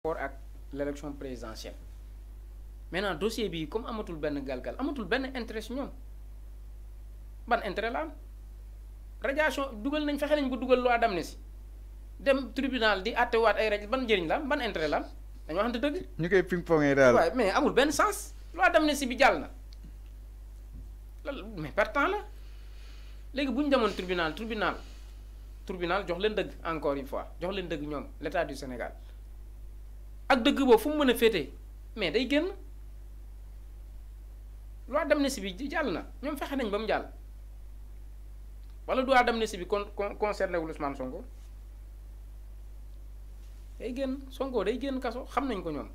rapport à l'élection présidentielle maintenant dossier bi comme amatul benn galgal amatul benn intérêt si ñoom ban intérêt la radiation dugal nañ fexe nañ bu dugal loi dem tribunal di àttewaat ay raj ban njëriñ la ban intérêt la am waxante dëgg. ñu ping pongee daal waaye mais amul benn sens loi d'amnistie bi jàll na loolu mais partant la léegi bu tribunal tribunal tribunal jox leen encore une fois jox leen dëgg ñoom l'État du Sénégal ak deug bo fu mu mën a mais day genn lo d'amnistie bi sibi jallna ñoom fexé nañ bam jall jàll wala loi d'amnistie bi kon concerné wul Ousmane Sonko day génn Sonko day genn kasso xam nañ ko ñom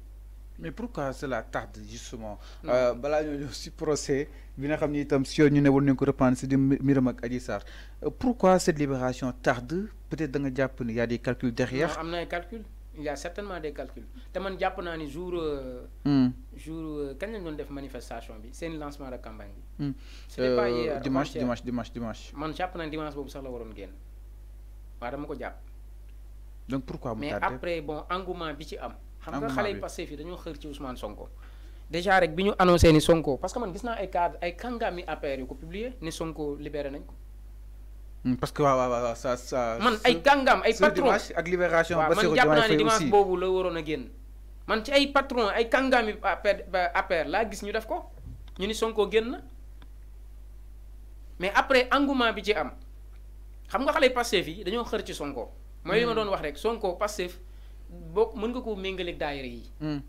mais pourquoi cela tarde justement bala ñu ñu ci procès bi nga xam ni itam si ñu neewul woon nañu ko reprendre si di Miram ak Adji Sarr euh, pourquoi cette libération tarde peut-être da nga japp ni y a des calculs derrière. am na il y a certainement des calculs te man jàpp naa ni jour. Euh, hmm. jour quand euh, lañ doon def manifestation bi le lancement de campagne bi. Hmm. c'était pas hier euh, dimanche dimanche dimanche dimanche. man jàpp naa dimanche boobu sax la waroon génn waaw dama ko jàpp. donc pourquoi mu tardé mais après bon engouement bi ci am. xam nga xale yi passé fii dañoo xër ci Ousmane Sonko. déjà rek bi annoncé ni Sonko parce que man gis naa ay cadre ay kàngaami APR yu ko publier ni Sonko libéré nañ Hmm, parce que waaw ça ça man ay gangam ay patron ak libération Bassirou Diomaye fay aussi man jàpp naa dimanche la man ci ay patron ay kangami yi aper. APR gis ñu def ko ñu ni Sonko génn na mais après engouement bi ci am xam nga xalé passé fi dañu xër ci Sonko moy li ma hmm. doon wax rek Sonko passé bok mën nga ko mengalé ak daayira yi hmm.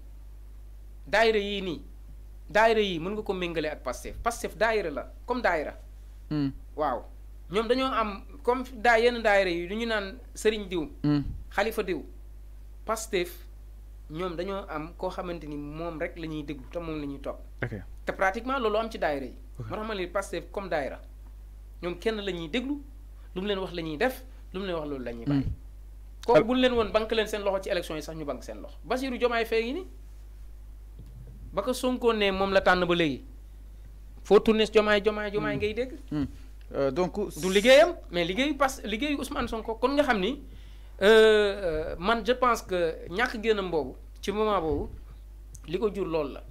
daayira yi ni daayira yi mën nga ko mengalé ak passé passé daayira la comme daayira waaw ñoom dañoo am comme daa yenn daayira yi lu ñu naan sëriñ diw xalifa hmm. diw Pastef ñoom dañoo am koo xamante ni moom rek la ñuy déglu te moom la ñuy topp te pratiquement loolu am ci daayira yi moo tax ma leen Pastef comme daayira ñoom kenn la ñuy déglu lu mu leen wax la ñuy def lu mu leen wax loolu la ñuy bàyyi hmm. kooku bu leen woon bank leen seen loxo ci élection yi sax ñu bank seen loxo Bassirou Diomaye Faye ni ba ko Sonko ne moom la tànn ba léegi foo tourné Diomaye Diomaye Diomaye hmm. ngay dégg Euh, donc du liggéeyam mais liggéey parce liggéeyu Ousmane Sonko kon nga xam ni euh, euh, man je pense que ñàkk génn boobu ci moment boobu li ko jur loolu la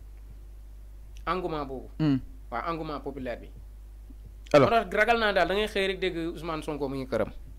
engouement boobu. Hmm. waa engouement populaire bi. alors ragal naa daal da ngay xëy rek dégg Ousmane Sonko mu ngi këram.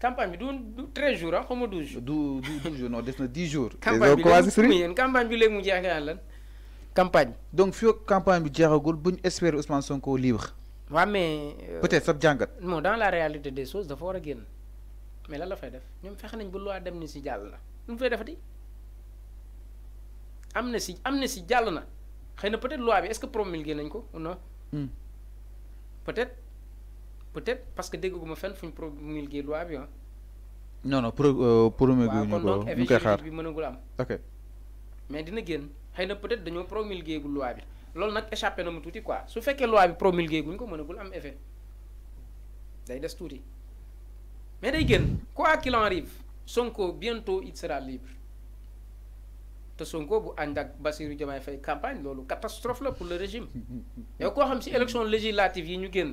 campagne jours ah, jours. du jours non des dix jours. campagne campagne bi mu campagne. donc campagne bi jeexagul espérer espérer Ousmane libre. wa mais. Euh, peut-être sab jangat non dans la réalité des choses il fa a guen mais la la fay def fex nañ loi si fay si na peut-être loi bi est-ce que promulgué nañ ko ou non. Hmm. peut-être peut-être parce que dégguma fenn fu ñu promulgué loi bien hein. non non pour euh, promulgué wu ñu ko ñu koy xaar ok mais dina génn xëy peut-être dañoo promulguer gu loi bi loolu nag échappé na mu tuuti quoi su que loi bi promulgué guñ ko mënagul am effet day des tuuti mais day génn quoi qu'il en arrive Sonko bientôt il sera libre te Sonko bu andak ak Bassirou Diomaye Faye campagne lolou catastrophe la pour le régime yow ko xam ci élection législative yi ñu genn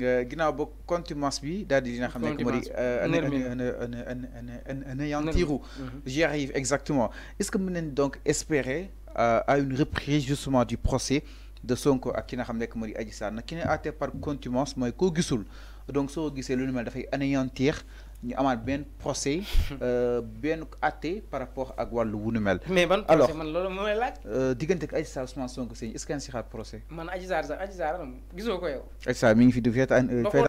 Euh, ginnaaw ba contumance bi daal di li nga xam ne euh, un di anéantiru mhm. j'y arrive exactement est-ce que mën nañ donc espérer euh, à une reprise justement du procès de Sonko ak ki nga xam ne moo di Adji Sarr ki ne até par contumance mooy koo gisul donc soo gisee lu nu mel dafay anéantir ñu amaat benn procès euh, benn àtte par rapport ak wàllu wu nu mel. mais ban procès man loolu mooy laaj. Euh, diggante ak Adji Sarr Ousmane Sonko sëñ est-ce que si xaar procès. man Adji Sarr sax Adji Sarr gisoo ko yow. Adji Sarr mi ngi fi du feete euh,